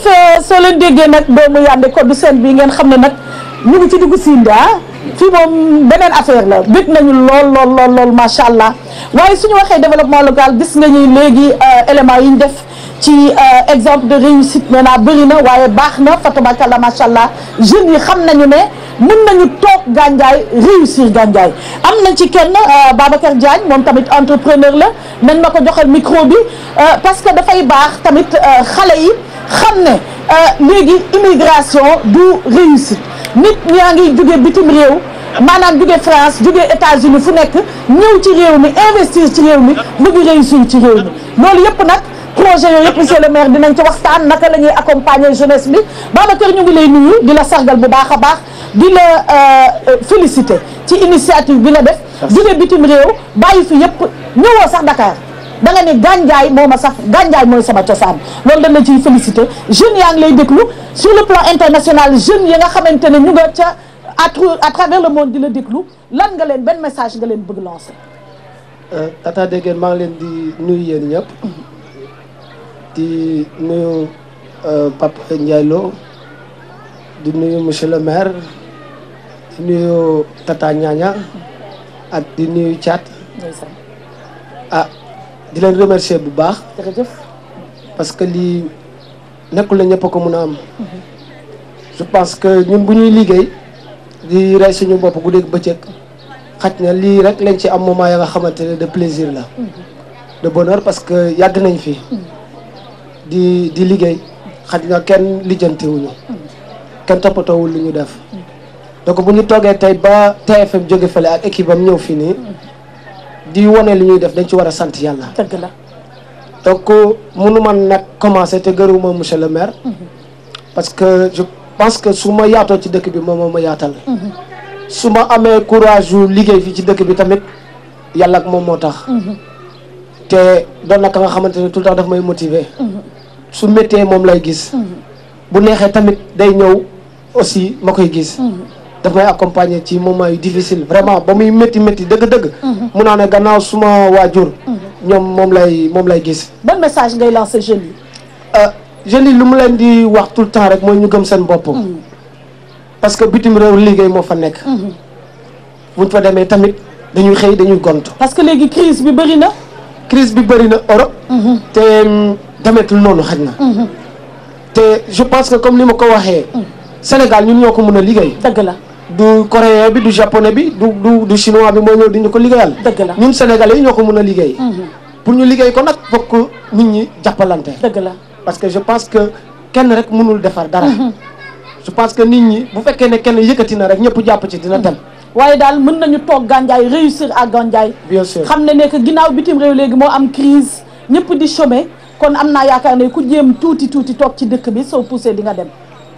jërëjëf soo leen déggee nag doomu yànde ko du seen bi ngeen xam ne nag ñu ngi ci dugg Sinda fii moom beneen affaire la bég nañu lool lool lool lool macha allah waaye suñu waxee développement local gis nga ñuy léegi euh, éléments yi ñu def ci euh, exemple de réussite nee naa bëri na waaye baax na fatabakallah macha allah jeunes yi xam nañu ne mën nañu toog gànjaay réussir gànjaay am na ci kenn euh, Babacar Diagne moom tamit entrepreneur la nañ ma ko joxal micro bi parce que dafay baax tamit xale yi xam ne léegi immigration du réussite nit ñaa ngi jóge bitim réew maanaam jóge France jóge États-Unis fu nekk ñëw ci réew mi investir ci réew mi ci réew loolu yëpp nag projet yooyu yëpp monsieur le maire dinañ ci waxtaan naka la ñuy accompagner jeunesse bi Babacar ñu ngi lay nuyu di la sargal bu baax a baax di la euh, féliciter ci initiative bi nga def jóge bitim réew bàyyi fi yëpp ñëwoo sax Dakar da nga ne gànjaay moo sax gànjaay mooy sama cosaan loolu dañ la ciy félicité jeunes yaa ngi lay déglu sur le plan international jeunes yi nga xamante ne ñu nga ca à travers le monde di la déglu lan galeen leen benn message nga bëgg lancer. Euh, Tata Degene maa ngi leen di nuyu yéen ñëpp di nuyu euh, Papa Ndiaye Lo di nuyu monsieur le maire di leen remercier bu baax. jërëjëf. parce que lii nekkul la ñëpp ko mun a am. je pense que ñun bu ñuy liggéey di rey suñu bopp guddeeg bëccëg xaj na lii rek lañ ci am moment ya nga xamante ne de plaisir la. de bonheur parce que yàgg nañ fi. di di liggéey xaj nga kenn lijjantiwuñu kenn toppatoowul lu ñu def. donc bu ñu toogee tey ba TFM jóge fële ak équipe am ñëw fii nii. di wane li ñuy def dañ ci war a sant yàlla. dëgg la donc mënu man nag commencé te gërëmuma monsieur le maire. Mhm. parce que je pense que su ma yaatoo ci dëkk bi moom moo ma yaatal. Mhm. su ma amee courage yu liggéey fii ci dëkk bi tamit yàlla ak moom moo tax. Mhm. te doon na ka nga xamante ne tout le temps may motiver. su méttee moom lay gis. bu neexee tamit day ñëw aussi ma koy gis. daf may accompagner ci moment yu difficile vraiment ba muy métti métti dëgg-dëgg. mun mhm. naa ne gannaaw suma waajur. Mhm. ñoom moom lay moom lay gis. ban message ngay lancer jeunes yi. Euh, jeunes yi lu mu leen di wax tout le temps rek mooy ñu gëm seen bopp. Mhm. parce que bitim réew liggéey moo fa nekk. buñ fa demee tamit dañuy xëy dañuy gont. parce que léegi crise bi bëri na. crise bi bëri na Europe. te mm, demetul noonu xaj na. te je pense que comme ni ma ko waxee. Sénégal ñun ñoo ko mën a liggéey. dëgg la. du coréen bi du japonais bi du du du chinois bi moo ñëw di ñu ko liggéeyal. dëgg la ñun sénégalais yi ñoo ko mën a liggéey. Mhm. pour ñu liggéey ko nag fokk nit ñi jàppalante. dëgg la parce que je pense que kenn rek mënul defar dara. Mhm. je pense que nit ñi bu fekkee ne kenn yëkkati na rek ñëpp jàpp ci dina dem. waaye daal mën nañu toog Gandiaye réussir à Gandiaye. bien sûr xam ne ne que ginnaaw bitim réew léegi moo am crise ñëpp di chômer kon am naa yaakaar ne ku jéem tuuti tuuti toog ci dëkk bi soo poussé di nga dem.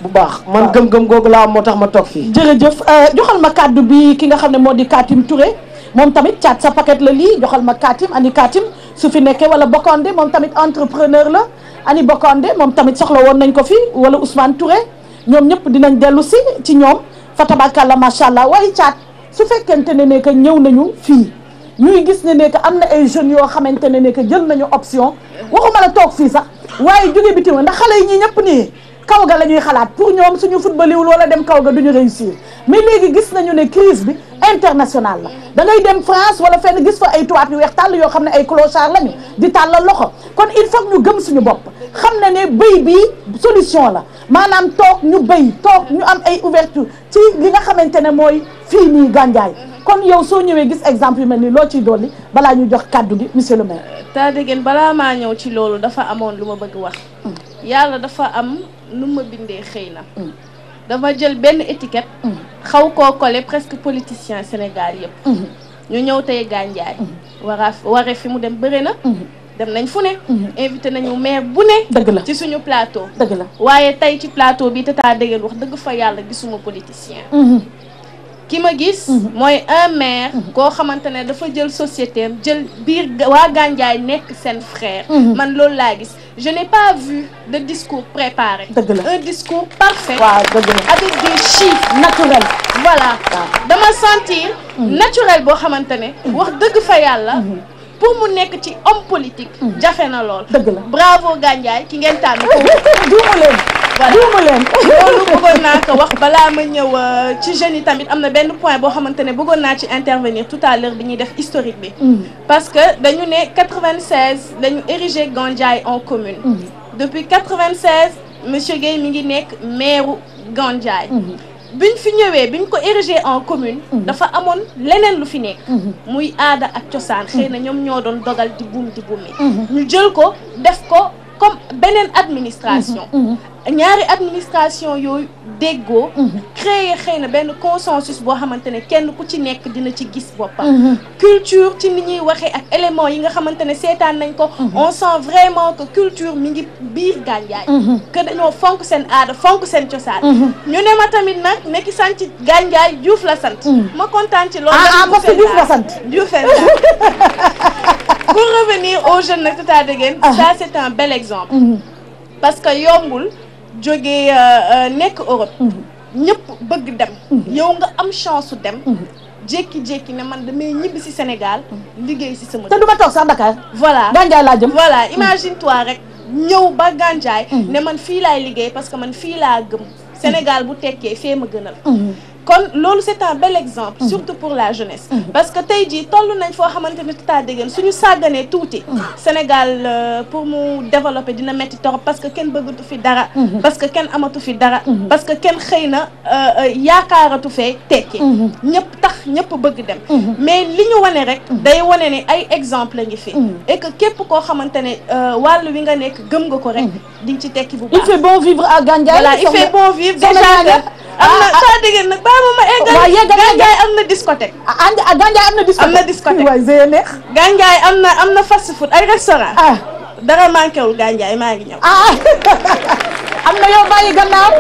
bu baax man gëm-gëm googu laa am moo tax ma toog fii. jërëjëf euh, joxal ma kàddu bi ki nga xam ne moo di Katim ture moom tamit caat sa paquet la lii joxal ma Katim ani Katim su fi nekkee wala Bokande moom tamit entrepreneur la ani bokkande moom tamit soxla woon nañ ko fi wala Ousmane Touré ñoom ñëpp dinañ dellu si ci ñoom fa la macha allah waaye caat su fekkente ne ne que ñëw nañu fii. ñuy gis ne ne am na ay jeunes yoo xamante ne ne que jël nañu option waxuma la toog fii sax waaye jóge bitim ndax xale yi ñii ñëpp nii kaw ga la ñuy xalaat pour ñoom suñu football wul wala dem kaw ga duñu réussir mais léegi gis nañu ne crise bi international la da ngay dem France wala fenn gis fa ay tubaab yu weex tàll yoo xam ne ay la lañu di tàllal loxo kon il faut ñu gëm suñu bopp xam na ne béy bi solution la maanaam toog ñu béy toog ñu am ay ouverture ci li nga xamante ne mooy fii nii gànjaay kon yow soo ñëwee gis exemple yu mel ni loo ciy dolli balaa ñu jox kàddu gi monsieur le maire. taa balaa maa ñëw ci loolu dafa amoon lu ma bëgg wax. Mm. yàlla dafa am nu ma bindee xëy na. Mm. dama jël benn étiquette mm. xaw koo collé presque politicien Sénégal yëpp mm. ñu ñëw tey gànjaay mm. wara ware fi mu dem bëri na dem nañ fu ne invité nañu maire bu ne dëgg na ci suñu plateau dëgg na waaye tey ci plateau bi Tata Déguène wax dëgg fa yàlla gisuma politicien mm-hmm. ki ma gis. Mhm. mooy un maire. Mhm. koo xamante ne dafa jël société am jël biir waa Gandiaye nekk seen frère. Mhm. man loolu laa gis je n'ai pas vu de discours préparé. dëgg discours parfait. dëgg la avec des chiffres naturels. voilà dama sentir. naturel boo xamante ne. wax dëgg fa yàlla. pour mu nekk ci homme politique. Mm. jafe na lool. dëgg la bravo Gandiaye ki ngeen tànn. juumu leen. voilà juumu leen. loolu bëggoon naa ko wax balaa ma ñëw euh, ci jeunes yi tamit am na benn point boo xamante ne bëggoon naa ci intervenir tout à l'heure bi ñuy def historique bi. Mm. parce que dañu ne 96 dañu érigé Gandiaye en commune. Mm. depuis 96 monsieur Guèye mi ngi nekk maire Gandiaye. biñ fi ñëwee ñu ko érigé en commune. Mhm. dafa amoon leneen lu fi nekk. Mhm. muy aada ak cosaan. xëy na ñoom ñoo doon dogal di buum di buumi. Mhm. ñu jël ko def ko. comme beneen administration mm-hmm. Mm-hmm. ñaari administration yooyu déggoo mm-hmm. créer xëy na benn consensus boo xamante ne kenn ku ci nekk dina ci gis boppam culture ci ni ñuy waxee ak éléments yi nga xamante ne seetaan nañ ko on sent vraiment ko culture mu ngi biir gànjaay que dañoo fonk seen aada fonk seen cosaan ñu ne ma tamit nag nekki sant gànjaay Diouf la sant ma kontaan ci loolu ah, ah, parce que Diouf la sant Diouf la sant pour revenir aux jeunes nag Tata Degen ah. ça c'est un bel exemple mm-hmm. parce que yombul jógee euh, euh, nekk Europe mm-hmm. ñëpp bëgg dem mm-hmm. yow nga am chance su dem jékki-jékki ne man damay ñibbi si Sénégal liggéey si sama te du toog sax Dakar voilà Gandiaye laa jëm voilà imagine toi rek ñëw ba Gandiaye ne man fii laay liggéey parce que man fii laa gëm Sénégal bu tekkee fee ma gënal kon loolu c'est un bel exemple mmh. surtout pour la jeunesse mmh. parce que tey jii toll nañ foo xamante ni taa déggan suñu sàgganee tuuti mmh. Sénégal euh, pour mu développer dina metti torop parce que kenn bëggatu fi dara parce que kenn amatu fi dara parce que kenn xëy na euh, euh, yaakaaratu fee tekki ñëpp tax ñëpp bëgg dem mais li ñu wane rek day wane ne ay exemple ngi fi et képp koo xamante ne wàllu wi nga nekk gëm nga ko rek di nga ci tekki bu baax il fait bon vivre na taa ah, ah. déggan nag xaaral ma eggal. waaw yeggal am na discothèque. ah, ah Gandiaye am na discothèque. am na discothèque waay zéye neex. Gandiaye am na am na fast food ay restaurant. ah dara manqué wul Gandiaye maa ngi ñëw. ah am na yow bàyyi gannaaw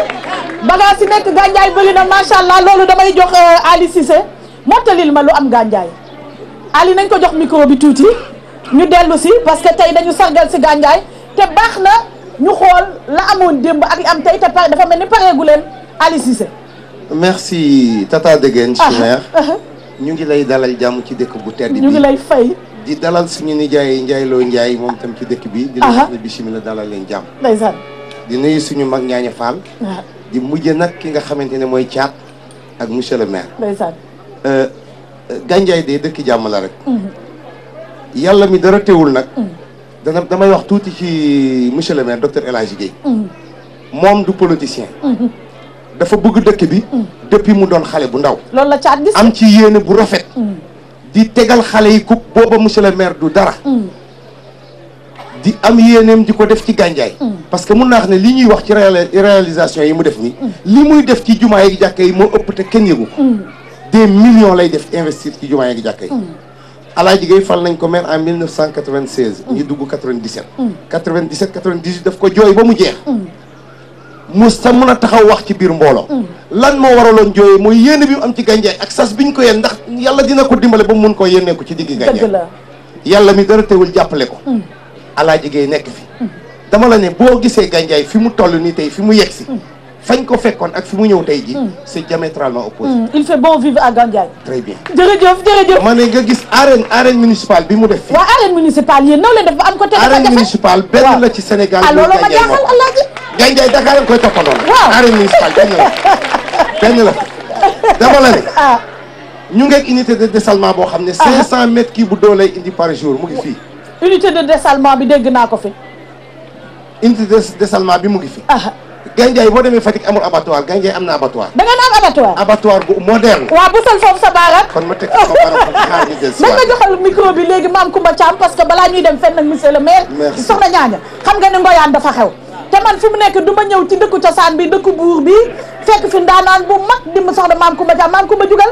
bagage nekk Gandiaye bëri na macha allah loolu damay jox eh, Ali Cissé mottalil ma lu am Gandiaye Ali nañ ko jox micro bi tuuti ñu dellu si parce que tey dañu sargal si Gandiaye te baax na ñu xool la amoon démb ak li am tey te pare dafa mel ni pareegu leen Ali Cissé. merci Tata Degene ah. chimère ah. ñu ngi lay dalal jàmm ci dëkk bu tedd bi ñu ngi di dalal suñu nijaay Ndiaye Lo Ndiaye moom tam ci dëkk bi di la ah. wax ne bismillah suñu mag ñaaña Fall di mujj nag ki nga xamante ne mooy caat ak monsieur le maire ndeysaan euh, euh, gànjaay de dëkk jàmm la rek mm-hmm. yàlla mi dara teewul nag mm-hmm. dana damay wax tuuti ci monsieur le maire docteur El Hadji Guèye mm-hmm. moom du politicien dafa bëgg dëkk bi depuis mu doon xale bu ndaw loolu la caat gis am ci yéene bu rafet mm. di tegal xale yi coupe booba monsieur le maire du dara mm. di am yéeneem di ko def ci gànjaay mm. parce que mun naa wax ne li ñuy wax ci réalisation yi mu def nii li muy def ci jumaa yi jàkka yi moo ëpp te kenn yëgu des millions lay def investir ci jumaa yi jàkka yi Alaaji Gaye fal nañ ko maire en 1996 ñu dugg 97 97 98 daf ko jooy ba mu jeex mu sa mun a taxaw wax ci biir mbooloo mm. lan moo waraloon jooyee mooy yéene bi mu am ci gànjaay ak sas biñ ko yéen ndax yàlla dina ko dimbale ba mu mun koo yénnee ko ci digg gànjaay yàlla mi dara teewul jàppale ko mm. alaaji Géey nekk fi mm. dama la ne boo gisee gànjaay fi mu toll nii tey fi mu yegg si fañ ko fekkoon ak fi mu ñëw tey jii c'est diamétralement opposé il fait bon vivre à Gandiaye très bien jërëjëf jërëjëf ma ne nga gis arène arène municipale bi mu def fii waaw arène municipale yéen noo leen def ba am ko ci Sénégal ah, loolu ma jaaxal Ndiaye Ndiaye Dakar lañ koy toppandoo nag. waaw arène municipal benn la benn la dama la ne. Ah. ñu ngeeg unité de dessalement boo xam ne. 500 ah. mètres kii bu doo indi par jour mu ngi fii. de dessalement bi dégg naa ko fi. unité de dessalement bi mu ngi fi. Ah. Gandiaye boo demee Fatick amul abattoir Gandiaye am na abattoir. da ngeen am abattoir. abattoir bu moderne. waaw bu sol foofu sa baaraam. kon ma teg sama baaraam maam Kumba parce que balaa ñuy dem fenn ak monsieur le maire. merci soxna Ñaaña xam nga ne ngoyaan dafa xew. te man fi mu nekk du ma ñëw ci dëkku cosaan bi dëkku buur bi fekk fi ndaanaan bu mag di soxla maam Kumba jugal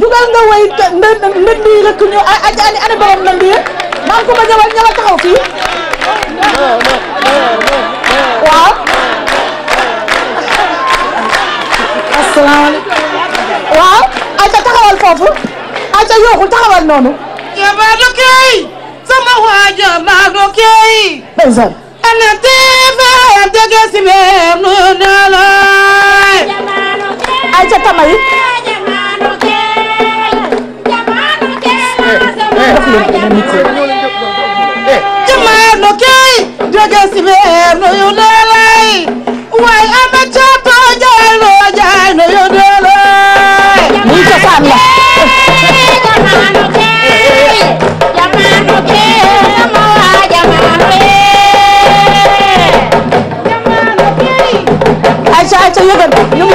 jugal nga woy ndë ndënd yi rek borom ndënd maam Kumba ñëwal ñëwal taxaw fii waaw. asalaamaaleykum. waaw ayca taxawal foofu ayca yooxul taxawal noonu. yaa baa sama waaja baa dokeey. ay ca tama yi jamaano kay jóge si weer nu yu neelay waaye ama ca too jaay loo jaay nu yu neelay muy cosaan la ñu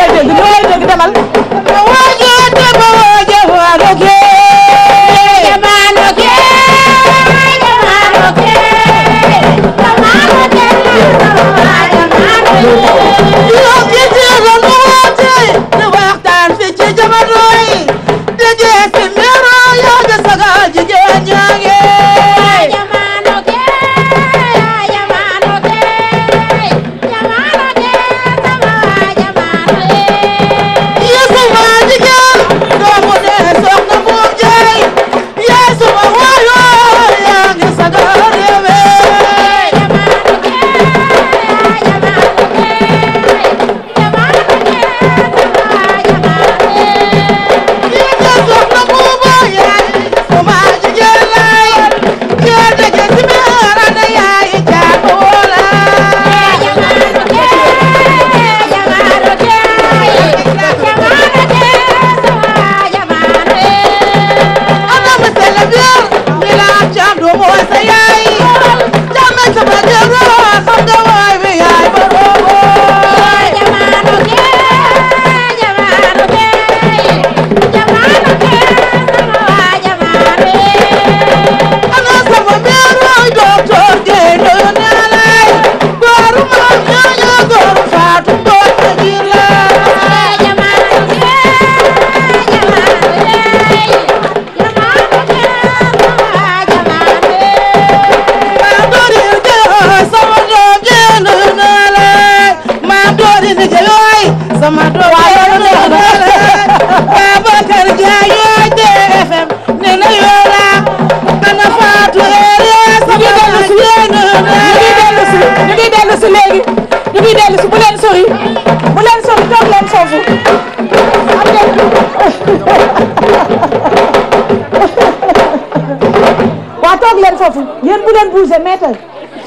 foofu yéen bu leen bougé maître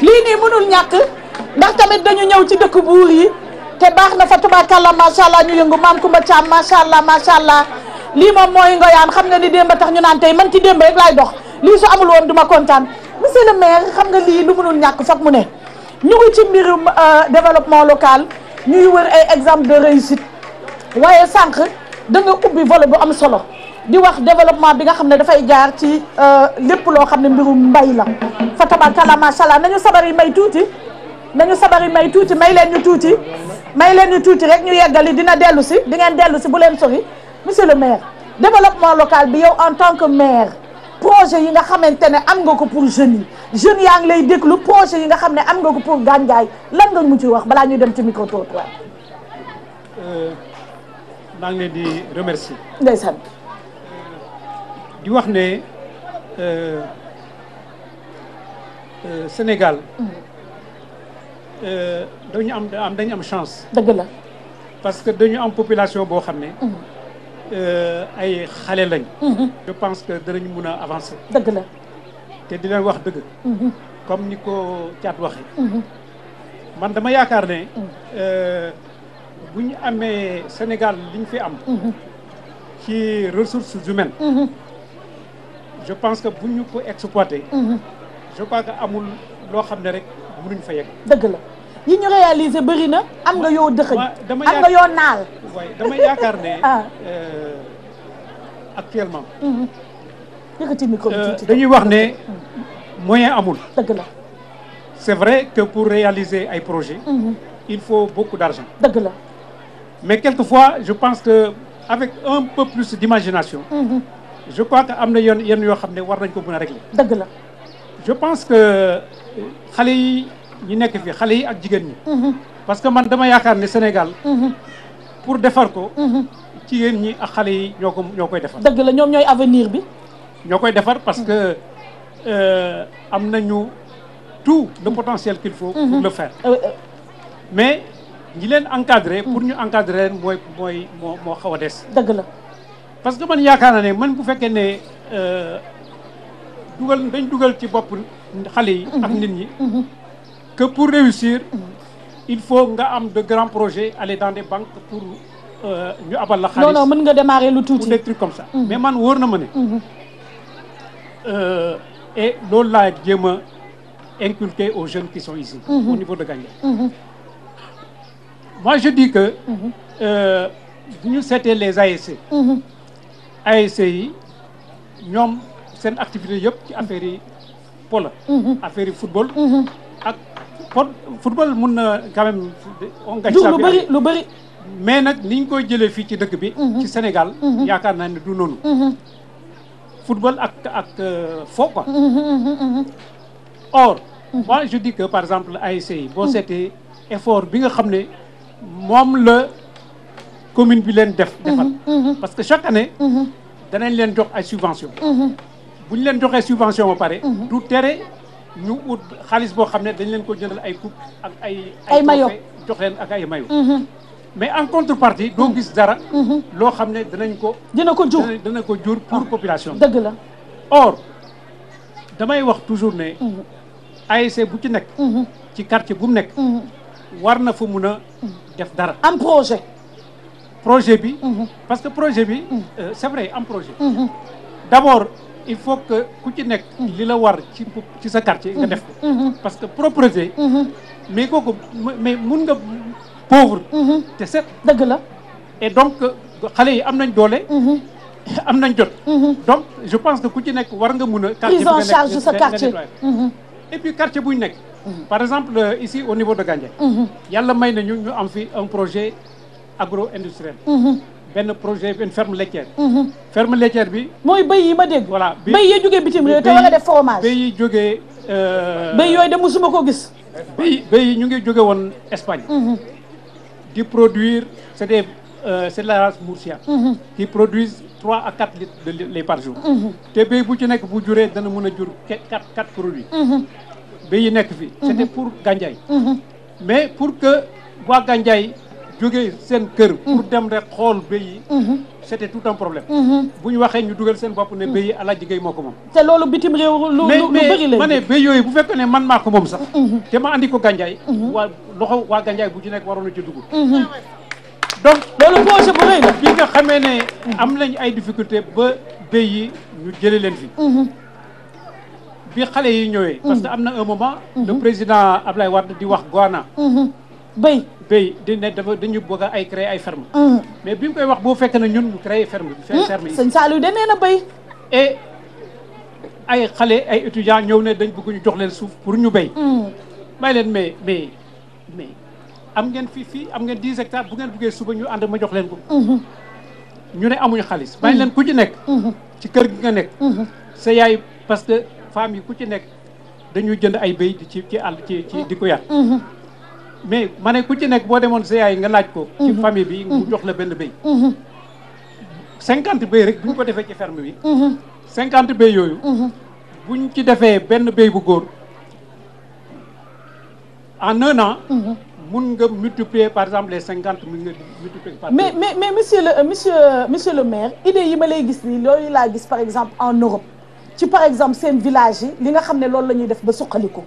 lii nii mënul ñàkk ndax tamit dañu ñëw ci dëkk buur yi te baax na fa tubaarkàlla macha allah ñu yëngu maam Kumba Caam macha allah macha allah lii moom mooy ngoyaan xam na ni démb tax ñu naan tey man ci démb rek laay dox lii su amul woon duma kontaan monsieur le maire xam nga lii lu mënul ñàkk foog mu ne ñu ngi ci mbirum euh, développement local ñuy wër ay exemple de réussite waaye sànq da nga ubbi volet bu am solo. di wax développement bi nga xam ne dafay jaar ci euh, lépp loo xam ne mbirum mbay la fa tabarakallah macha allah nañu sabari may tuuti nañu sabari may tuuti may leen ñu tuuti may leen ñu tuuti rek ñu yeggali dina dellu si di ngeen dellu si bu leen sori monsieur le maire développement local bi yow en tant que maire projet yi nga xamante ne am nga ko pour jeunes yi jeunes yaa ngi lay déglu projet yi nga xam ne am nga ko pour Gandiaye lan nga mu ci wax balaa ñuy dem ci micro trottoir. Euh, maa ngi leen di wax ne euh, euh, Sénégal. Mm. Euh, dañu am am dañu am chance. dëgg la. parce que dañu am population boo xam ne. Mm. ay xale lañ. Mm-hmm. je pense que danañ mun a avancé dëgg la te di leen wax dëgg. Mm-hmm. comme ni ko caat waxee. Mm-hmm. man dama yaakaar ne. Mm. bu ñu amee Sénégal li ñu fi am. ci ressources humaines. je pense que bu ñu ko exploité. Mhm. je crois que amul loo xam ne rek mënuñ fa yegg. dëgg la yi ñu réalisé bëri na am nga yoo dëxëñ. am nga yoo naal. waaye dama yaakaar ne. Ah. Euh, actuellement. Mhm. yëkkati micro bi euh, tuuti dañuy wax ne mhm. moyen amul. dëgg la. c'est vrai que pour réaliser ay projet il faut beaucoup d'argent. dëgg la. mais quelquefois je pense que avec un peu plus d'imagination. je crois que am na yenn yenn yoo xam ne war nañ ko mën a régler. dëgg la je pense que euh, xale yi ñu nekk fi xale yi ak jigéen ñi. Mhm. parce que man dama yaakaar ne Sénégal. Mhm. pour defar ko. Mhm. jigéen ñi ak xale yi ñoo ko ñoo koy defar. dëgg la ñoom ñooy avenir bi. ñoo koy defar parce que euh, am nañu tout le potentiel qu'il faut. pour le faire euh, mais ñi leen encadrer. pour ñu encadrer leen mooy mooy moo moo xaw a des. dëgg la. parce que man yaakaar na ne man bu fekkee ne euh, dugal dañ dugal ci bopp xale yi ak nit ñi que pour réussir il faut nga am de grands projets aller dans des banques pour euh, ñu abal la xaalis non non mën nga démarrer lu tuuti des trucs comme ça mm-hmm. mais man wóor na ma ne mm-hmm. euh, et loolu laa jéem a inculquer aux jeunes qui sont ici mm-hmm. au niveau de Gandiaye moi je di que bu ñu seetee les ASC e, ASC yi ñoom seen activité yëpp ci affaire yi po mhm. affaire yi football mhm. ak football mun na quand même on lu bari lu bëri mais nag niñ koy jëlee fii ci dëkk bi mhm. ci Sénégal yaakaar naa ne du noonu football ak ak euh, fo or moi je dis que par exemple ASC yi boo seetee effort bi nga xam ne moom la commune bi leen def mhm, defal mhm, mhm. parce que chaque année danañ leen jox ay subvention bu ñu leen joxee subvention ba pare du tere ñu ut xaalis boo xam ne dañ leen ko jëndal ay coupe ak ay mayo jox leen ak ay mayo mais en contrepartie doo gis dara loo xam ne danañ ko dina ko jur dana ko jur pour ah, population dëgg la or damay wax toujours ne ASC bu ci nekk ci quartier bu mu nekk war na fa mun a def dara am projet projet bi. Mhm. parce que projet bi. Mhm. Euh, c'est vrai am projet. Mhm. d'abord il faut que ku ci nekk. li la war ci ci sa quartier nga def ko. parce que propreté. mais kooku mais mun nga pauvre. te set dëgg la. et donc euh, xale yi am nañ doole. am nañ jot. donc je pense que ku ci nekk war nga mun a. quartier prise en charge sa quartier et puis quartier bu nekk. par exemple euh, ici au niveau de Gandiaye. yàlla may na ñu ñu am fi un projet. agro industriel. Mhm. benn projet benn ferme laitière. Mhm. ferme laitière bi. mooy béy yi ma dégg. voilà béy yi jógee bitim réew te war a def fromage. béy yi jógee. Euh, béy yooyu de suma ko gis. béy yi ñu ngi jóge woon Espagne. Mhm. di produire c' est des euh, c' est de la race Murcia. ki produisent trois a quatre litres de lait par jour. te béy bu ci nekk bu juree dana mën a jur quatre quatre produits. béy yi nekk fii. c' était pour Gandiaye. mais pour que waa Gandiaye. jóge seen kër. pour mm. dem rek xool béy yi. Mm-hmm. c'était tout un problème. Mm-hmm. bu ñu waxee ñu dugal seen bopp ne mm. béy yi la Gey moo ko moom. te loolu bitim réew lu lu bëri la mais ma ne béy yooyu bu fekkee ne man maa ko moom sax. Mm-hmm. te ma andi ko Gandiaye. waa loxo waa Gandiaye bu ci nekk waroon na ci loolu bu rëy la. bi nga xamee ne am nañ ay difficulté ba béy yi ñu jëlee leen fi. bi xale yi ñëwee. parce que am na un moment. le président Ablaye Wade di wax Goana. béy béy di ne dafa dañu bëgg ay créer ay ferme mm. mais bi mu koy wax boo fekkee na ñun ñu créer ferme mm. ferme yi sëñ Saliou de nee na béy et ay xale ay étudiants ñëw ne dañ bëgg ñu jox leen suuf pour ñu béy mm. may leen mais mais mais am ngeen fii fii am ngeen di hectares bu ngeen bëggee suba ñu ànd ma jox leen ko mm-hmm. ñu ne amuñ xaalis may mm-hmm. leen ku ci nekk mm-hmm. ci kër gi nga nekk sa yaay parce que femme yi ku ci nekk dañuy jënd ay béy ci ci àll ci ci di ko yar mais ma ne ku ci nekk boo demoon sa yaay nga laaj ko. ci mhm. famille bi mu mhm. jox la benn béy. Mhm. cinquante béy rek bu ñu ko defee ci ferme bi. cinquante béy yooyu. bu ñu ci defee benn béy bu góor en un an. mun nga multiplier par exemple les cinquante mun multiplier mais mais mais monsieur le le maire idée yi ma lay gis nii loolu laa gis par exemple en Europe. ci par exemple seen village li nga xam ne loolu la ñuy def ba suqaliku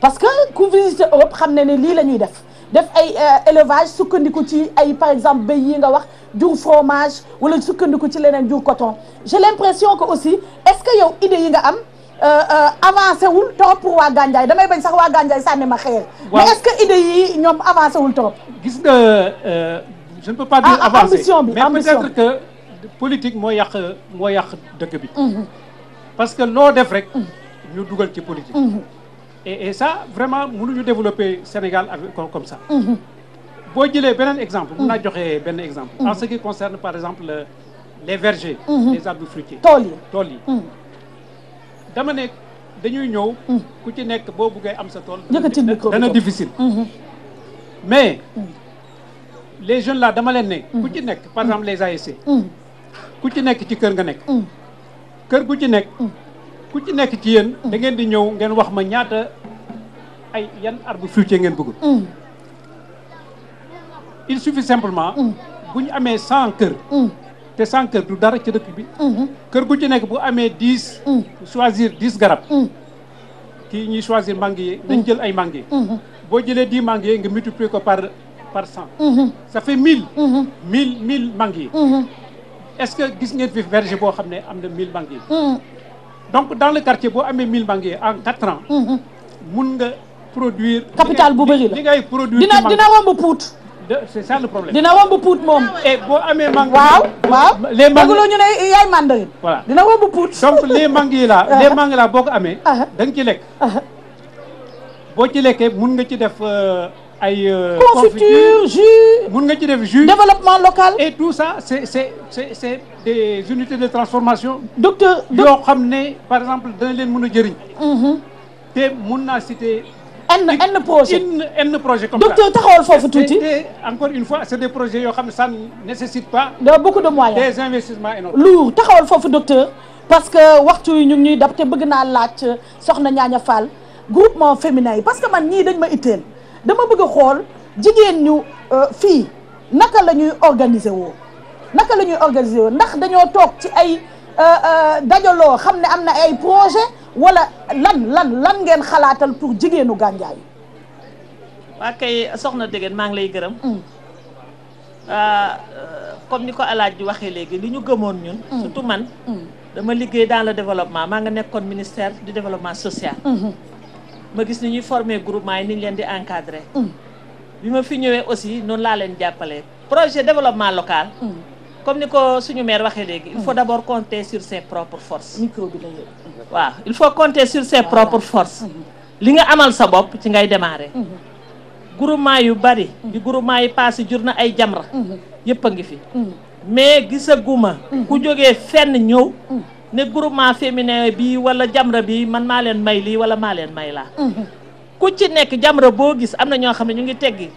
parce que ku visité Europe xam ne ne lii la ñuy def def ay euh, élevage sukkandiku ci ay par exemple béy yi nga wax jur fromage wala sukkandiku ci leneen jur coton j'ai l'impression que aussi est-ce que yow idée yi nga am euh, euh, avancé wul trop pour waa Gandiaye damay bañ sax waa Gandiaye sànni ma xeer mais est-ce que idée yi ñoom avancé wul trop gis nga je ne peux pas dire ah, avancé mais peut-être que politique moo yàq moo yàq parce que loo def rek ñu dugal ci politique mmh. et et ça vraiment ñu développer Sénégal avec comme ça mmh. boo jëlee beneen exemple mun mmh. naa joxee benn exemple en ce qui concerne par exemple les vergers les arbres fruitiers tool yi tool yi dama nekk dañuy ñëw ku ci nekk boo buggee am sa tool dana difficile mais les jeunes la dama leen ne ku ci nekk par exemple les ASC ku ci nekk ci kër nga nekk kër gu ci nekk ku ci nekk ci yéen da ngeen di ñëw ngeen wax ma ñaata ay yan arbre fruitier ngeen bëgg mm. il suffit simplement mm. bu ñu amee cent kër mm. te cent kër du dara ci dëkk bi mm-hmm. kër gu ci nekk bu amee dix choisir dix garab kii ñuy choisir mangue yi dañ jël ay mangue yi mm-hmm. boo jëlee dix mangue yi nga multiplier ko par par cent mm-hmm. ça fait mille mille mille mangue yi est-ce que gis ngeen fi verger boo xam ne am na 1000 manguiers. Hmm. donc dans le quartier boo amee 1000 manguiers en 4 ans. Hmm. mun nga produire. capital bu bëri la li ngay produire. dina dina romb puut. c'est ça le problème dina romb puut moom. et boo amee mangue. waaw waaw les mangue déglu uh-huh. boo ko amee. Uh-huh. da nga ci lekk. Uh-huh. boo ci lekkee mun nga ci def. Euh, ay. Euh, confiture jus mun nga ci def jus. développement local. et tout ça c'est c'est c'est c'est des unités de transformation. docteur yoo xam ne par exemple dana leen mën a jëriñ. Mhm. te mun naa citer. n n projet n projet comme ça docteur taxawal foofu tuuti. encore une fois c'est des projets yoo xam ne ça ne nécessite pas. de beaucoup de moyens des taxawal foofu docteur. parce que waxtu yi ñu ngi ñuy dab te bëgg naa laaj euh, soxna Ñaaña fal groupement féminin yi parce que man ñii dañ ma itteel. dama bëgg xool jigéen ñu euh, fii naka la ñuy organiser woo naka la ñuy organiser woo ndax dañoo toog ci ay euh, euh, dajaloo xam ne am na ay projet wala lan lan lan ngeen xalaatal pour jigéenu Gandiaye yi waa kay soxna Degene maa ngi lay gërëm mm. comme ni ko alaaj bi waxee léegi li ñu gëmoon ñun mm. surtout man mm. dama liggéey dans le développement maa ngi nekkoon ministère di développement social mm-hmm. ma gis ni ñuy former groupement yi ni ñu leen di encadrer. Mm. bi ma fi ñëwee aussi noonu laa leen jàppale. projet développement local. Mm. comme ni ko suñu maire waxee léegi. il faut mm. d' compter sur ses propres forces. micro bi la waaw il faut compter sur ses propres forces. Mm-hmm. li nga amal sa bopp ci ngay démarrer. Mm-hmm. groupement yu bari. bi mm-hmm. groupement yi paase jur na ay jamra. yëpp a ngi fi. mais gisaguma. ku jógee fenn ñëw. ne groupement féminin bi wala jamra bi man maa leen may lii wala maa leen may laa mhm. ku ci nekk jamra boo gis am na ñoo xam ne ñu ngi tegg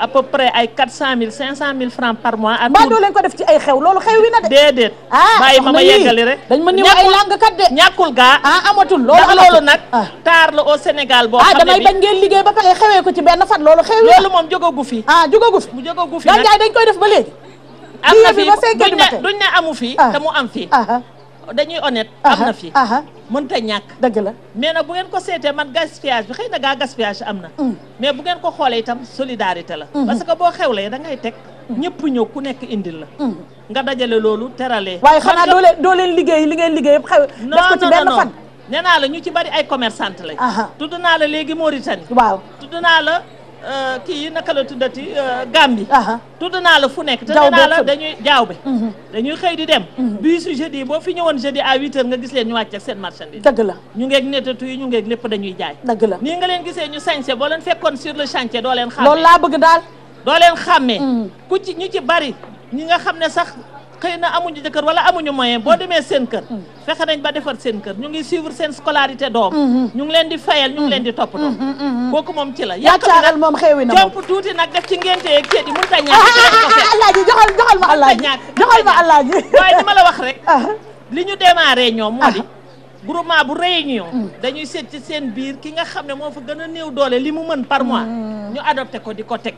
à peu près ay quatre cent mille cinq cent mille francs par mois ak mbaa doo leen ko def ci ay xew loolu xew wi na de déedéet ah, bàyyi ma ma yeggali rek dañ ma niw ay langkat de ñàkkul gaa ah, amatul loolu ndax loolu nag ah. taar la au Sénégal boo xam ne damay bañ liggéey ba pare xewee ko ci benn fan loolu xew wi loolu moom jógagu fi ah jógagu fi mu jógagu fi nag dañ koy def ba léegi am na fi duñ ne amu fi te mu am fi dañuy honnête am na fi mënta ñàkk dëgg la mais nag bu ngeen ko seetee man gaspillage bi xëy na gaa gaspillage am na mm. mais bu ngeen ko xoolee itam solidarité la mm-hmm. parce que boo xewlee da ngay teg mm-hmm. ñëpp ñëw ku nekk indil la mm-hmm. nga dajale loolu teralee waaye xanaa doo leen doo leen liggéey li ngeen liggéey yëpp xew def ko benn fan nee naa la ñu ci bari ay commerçante lañ tudd naa la léegi Mauritanie waaw tudd naa la Euh, kii yi naka la tuddati euh, Gambie. tudd naa la fu nekk te nee la dañuy jaaw jaawbe mhm. dañuy xëy di dem. bii mhm. su jeudi boo fi ñëwoon jeudi à huit heures nga gis leen ñu wàcc seen marchandise. dëgg la ñu ngeeg nettatu yi ñu ngeeg lépp dañuy jaay. dëgg la nii nga leen gisee ñu sañse boo leen fekkoon sur le chantier doo leen. xàmmee loolu doo leen xàmmee. Mhm. ku ci ñu ci bari ñi nga xam ne sax. xëy na amuñu jëkkër wala amuñu moyen boo mm. demee seen kër mm. fexe nañ ba defar seen kër ñu ngi suivre seen scolarité doom mm-hmm. ñu ngi leen di fayal ñu ngi leen di topp toppatoo mm-hmm, mm-hmm. kooku moom ci la yàqal moom xewi na jomp tuuti nag def ci ngénte yeeg ceet a ñàkk ah, ah, ah, alaaji joxal joxal ma alaaji joxal ma waaye ni ma la wax rek li ñu démarré ñoom moo di groupement bu ñu réunion mm. dañuy seet ci seen biir ki nga xam ne moo fa gën a néew doole li mu mën par mois ñu adopté ko di ko teg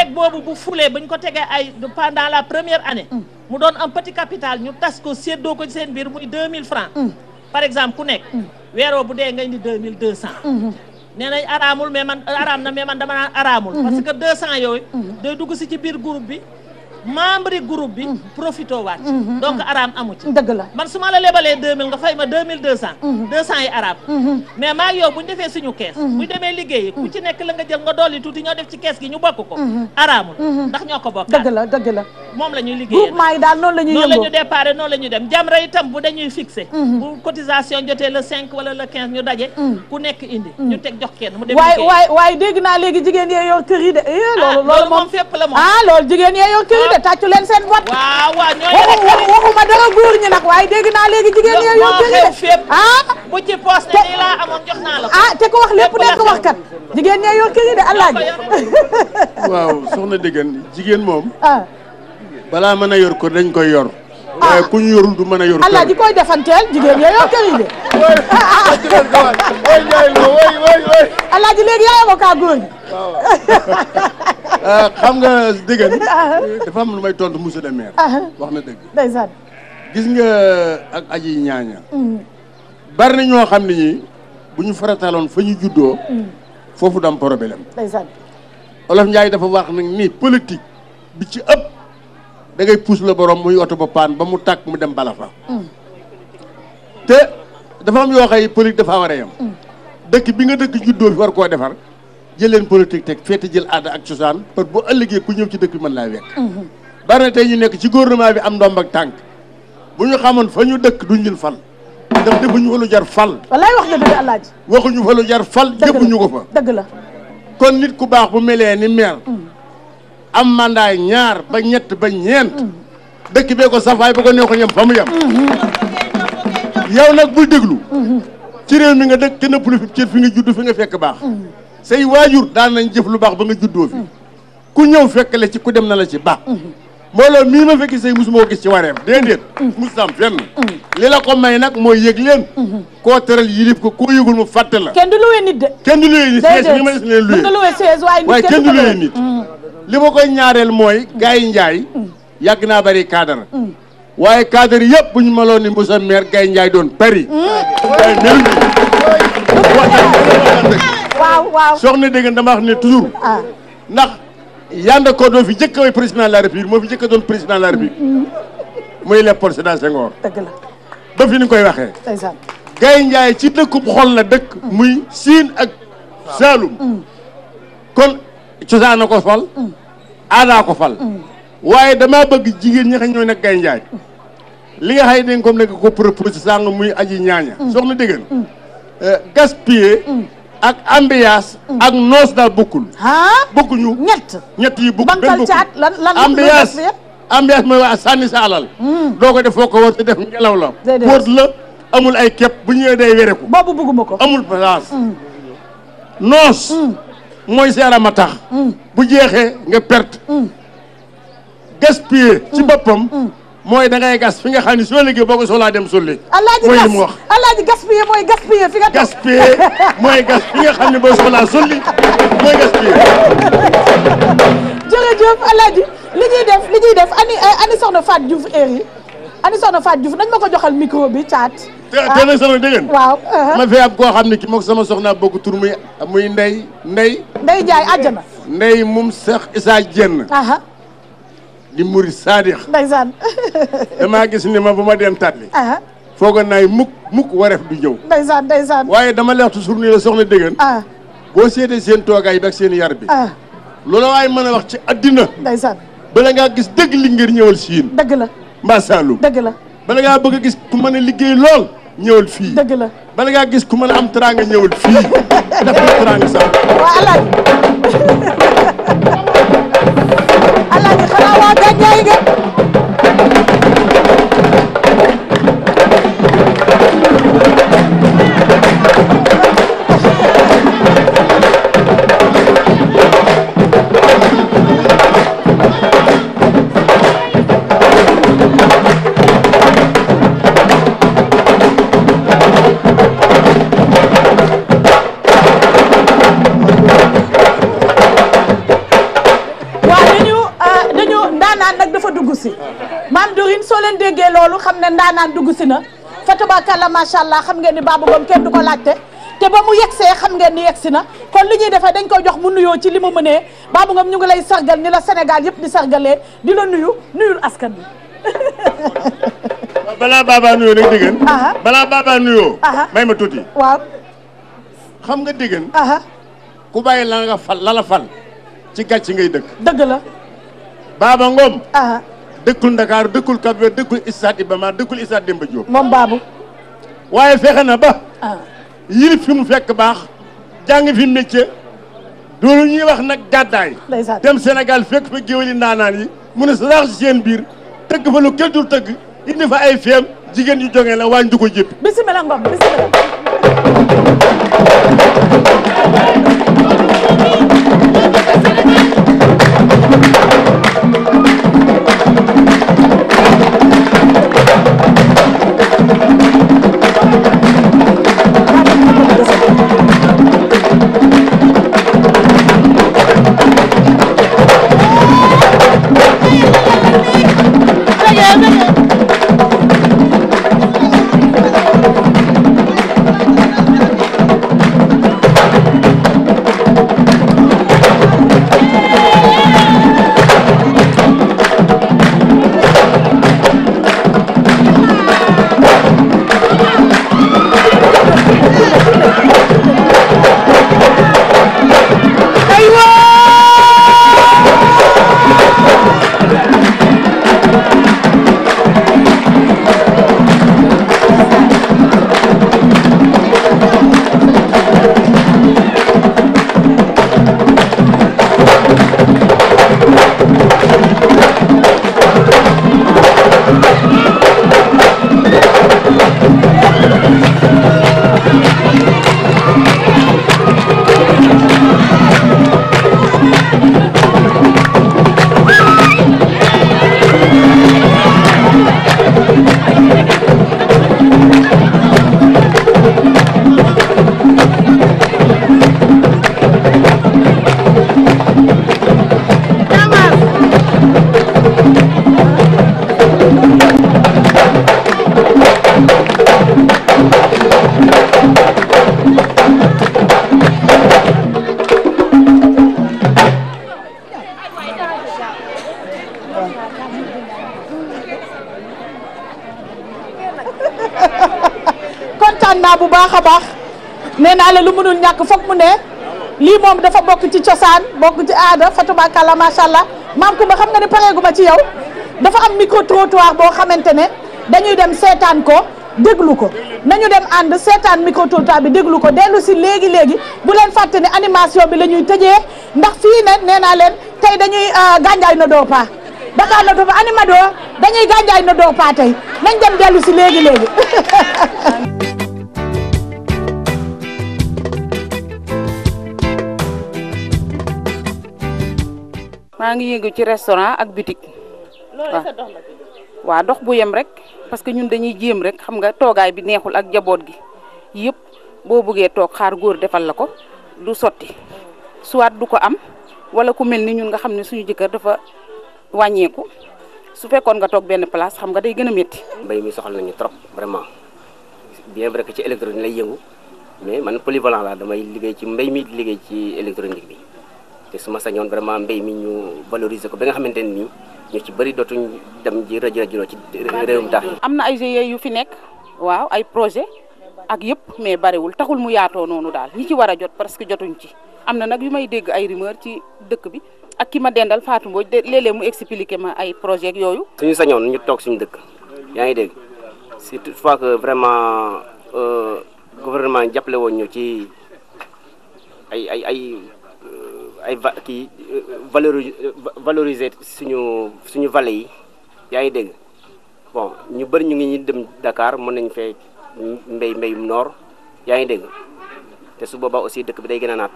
teg boobu bu fulee ba ñu ko tegee ay pendant la première année mm. mu doon am petit capital ñu tas ko séddoo ko seen biir muy deux mille francs mm. par exemple ku nekk mm. weeroo bu dee nga indi deux mille deux cent mm-hmm. nee nañ araamul mais man araam na mais man dama naan araamul mm-hmm. parce que deux cent yooyu mm-hmm. day dugg si ci biir groupe bi membre yi bi mm. profité waat mm-hmm, mm-hmm. donc araam amu ci dëgg la man su ma la lebalee 2000 nga fay ma 2200 200 mm-hmm. yi araam mais maa yow bu ñu defee suñu kees bu ñu demee liggéeyi ku ci nekk la nga jël nga dolli tuuti ñoo def ci kees gi ñu bokk ko araamul ndax ñoo ko bokkaat dëgg la dëgg la moom la ñuy liggéeyee groupement yi daal noonu la ñuy yëngoo noonu la ñu déparé noonu la bu dañuy fixé bu cotisation jotee le 5 wala le 15 ñu daje mm. ku nekk indi mm. ñu teg jox kenn mu dem waaye waaye jigéen yee yor kër de tàccu leen seen bopp. waaw waaw ñooñu waxuma dara góor ñi nag waaye dégg naa léegi jigéen ñi yóbbu ah? ah, ah. ñu de. ah bu ci kat jigéen ñee yor kër yi de alaaji. waaw soxna déggan jigéen moom. mën a yor ko dañ koy yor. waaye ku ñu yorul koy defanteel jigéen ñi yor kër yi de. allah ji léegi Euh, xam nga dëggan ah. dafa am lu may tontu monsieur le maire. Ah. wax na dëgg. ndeysaan. gis nga ak aji ñaaña. Mm. bari na ñoo xam ne ñi bu ñu farataloon fa ñu juddoo. Mm. foofu dam problème. ndeysaan. Olof Ndiaye dafa wax nag ni politique bi ci ëpp dangay ngay la borom muy oto ba paan ba mu tàkk mu dem bala fa. Mm. te dafa am yoo xay politique dafa war a dëkk bi nga dëkk juddoo fi war koo defar. jël leen politique teg feete jël aada ak cosaan par bu ëllëgee ku ñëw ci dëkk bi mën laa wekk bari na ñu nekk ci gouvernement bi am ndomb ak tànk bu ñu xamoon fa ñu dëkk duñ leen fal ndax defuñu fa lu jar fal wallaay wax dëgg la waxuñu fa jar fal jëppuñu ko fa dëgg la kon nit ku baax bu melee ni mel mm. am mandat ñaar ba ñett ba ñeent mm. dëkk bee ko safaay ba ko neexoon yem fa mu yem mm-hmm. Mm-hmm. yow nag bul déglu mm-hmm. ci réew mi nga dëkk te nëpp lu fi cër fi nga judd fi nga fekk baax say waajur daan nañ jëf lu baax ba nga juddoo fi ku ñëw fekk la ci ku dem na la ci baax mbooloo mii ma fekki say musu moo gis ci wareem déedéet musam fenn li la ko may nag mooy yëg leen koo tëral yilib ko koo yëgul mu fàtte la kenn du luwee nit de kenn du luwee nit sees ñi ma des li ma koy ñaareel mooy gars yi yàgg naa bari cadre waaye cadre yëpp bu ñu maloon ni Moussa maire gars njaay doon bari waaye mel ni waaw soxna ne nga dama wax ne toujours. Ah. ndax Yanda Kodo fi njëkk a way président de la république moo fi njëkk doon président la république. Mm-hmm. muy Léopold Sédar Senghor. dëgg la ba fi ni koy waxee. ndeysaan Gaye Ndiaye ci dëkkub xol la dëkk. Mm. muy Siin ak Saalum. Mm. kon cosaana ko fal. Mm. aadaa ko fal. waaye damaa bëgg jigéen ñi nga xam ñooy nag li nga xay ne comme nekk ko proposé sàng muy aji ñaaña. soxna dégg nga euh, gaspiller. ak ambiance ak noos daal bokkul. bokkuñu ñett ñett yi bokkul benn bokkul caat lan lan ambiance ambiance mooy waa sànni sa alal. Hmm. doo ko def foo ko war te def ngelaw la. wóor la amul ay képp bu ñëwee day wereku. boobu bëgguma ko amul place. Hmm. noos. Hmm. mooy seera ma tax. bu jeexee nga perte. gaspiller ci boppam. mooy dangay ngay gas fi nga xam ne soo liggéey boo ko soxlaa dem sulli mooy li mu wax alaaji gaspillé mooy gaspillé fi nga gaspillé mooy gas fi nga xam ne boo soxlaa sulli mooy gaspillé jërëjëf alaaji li ñuy def li ñuy def ani ani soxna Fatou Diouf heure yi ani soxna Fatou Diouf nañ ma ko joxal micro bi caat te na soxna dégg uh-huh. ma fi ab koo xam ne ki mook sama soxnaa bokk tur muy muy ndey ndey jaay àjjana ndey moom Cheikh Issa Diène di murid saadix ndeysaan damaa gis ni ma ba ma dem tàtli foogoon naay mukk mukk wareef du ñëw ndeysaan ndeysaan waaye dama leex toujours ni la soxna déggan ah. boo seetee seen toogaay bak seen yar bi ah. loola waaye mën a wax ci addina ndeysaan bala ngaa gis dëgg li ngir ñëwal siin dëgg la mbaa Saalum dëgg la bala ngaa bëgg a gis ku mën a liggéey lool ñëwal fii dëgg la bala ngaa gis ku mën a am traanga ñëwal fii def na teraanga sax waa alaaj Awa Gandiaye nga ngeen déggee loolu xam ne ndaanaan dugg si na fa tabakalla macha allah xam ngeen ni Baba Ngom kenn du ko laajte te ba mu yegsee xam ngeen ni yegsi na kon li ñuy defee dañ koy jox mu nuyoo ci li mu mënee Baba Ngom ñu ngi lay sargal ni la Sénégal yépp di sargalee di la nuyu nuyul askan bi balaa Baba nuyoo nag dégg nga balaa Baba nuyoo may ma tuuti waaw xam nga dégg nga ku bàyyi la nga fal la la fal ci gàcc ngay dëkk dëgg la Baba Ngom dëkkul Ndakaaru dëkkul Cap Vert dëkkul Stade Iba Mar dëkkul Stade Demba Diop. waaye fexe na ba. Ah. yilif fi mu fekk baax jàng fi métier. loolu ñuy wax nag gàddaay. dem Sénégal fekk fa géwéli ndaanaan yi mu ne sa si seen biir tëgg fa lu kenn dul tëgg indi fa ay feem jigéen yu jógee la waa Njugo jëpp. bisimilah ñàkk foog mu ne lii moom dafa bokk ci cosaan bokk ci aada fatabakala macha allah maam Kumba xam nga ne pareegu ma ci yow dafa am micro trottoir boo xamante ne dañuy dem seetaan ko déglu ko nañu dem ànd seetaan micro trottoir bi déglu ko dellu si léegi léegi bu leen fàtte ne animation bi la ñuy tëjee ndax fii ne nee naa leen tey dañuy euh, gànjaay na doo paa Dakar la dafa animadoo dañuy gànjaay na doo paa tey nañ dem dellu si léegi léegi. maa ngi yëngu ci restaurant ak boutique. waaw dox bu yem rek parce que ñun dañuy jéem rek xam nga toogaay bi neexul ak jaboot gi yëpp boo buggee toog xaar góor defal la ko du sotti soit du ko am wala ku mel ni ñun nga xam ne suñu jëkkër dafa wàññeeku su fekkoon nga toog benn place xam nga day gën a métti. mbéy mi soxal nañu trop vraiment bien vrai que ci électronique lay yëngu mais man polyvalent laa damay liggéey ci mbay mi liggéey ci électronique bi. te su sañoon vraiment mbéy mi ñu valoriser ko ba nga xamante ne nii ñu ci bëri dootuñ dem ji rajo rajo ci réewum ta am na ay GIE yu fi nekk waaw ay projet ak yëpp mais bariwul taxul mu yaatoo noonu daal ñi ci war a jot parce que jotuñ ci am na nag yu may dégg ay rumeur ci dëkk bi ak ki ma dendal Fatou Mbodj de léeg mu expliqué ma ay projet yooyu. suñu sañoon ñu toog suñu dëkk yaa ngi dégg si toutefois que vraiment euh, gouvernement jàppale woon ñu ci ay ay. ay va euh, euh, suñu suñu vallée yi yaa ngi dégg ñu bëri ñu ngi ñu dem Dakar mën nañ fee mbéy mbéyum noor yaa ngi dégg te su boobaa aussi dëkk bi day gën a naat.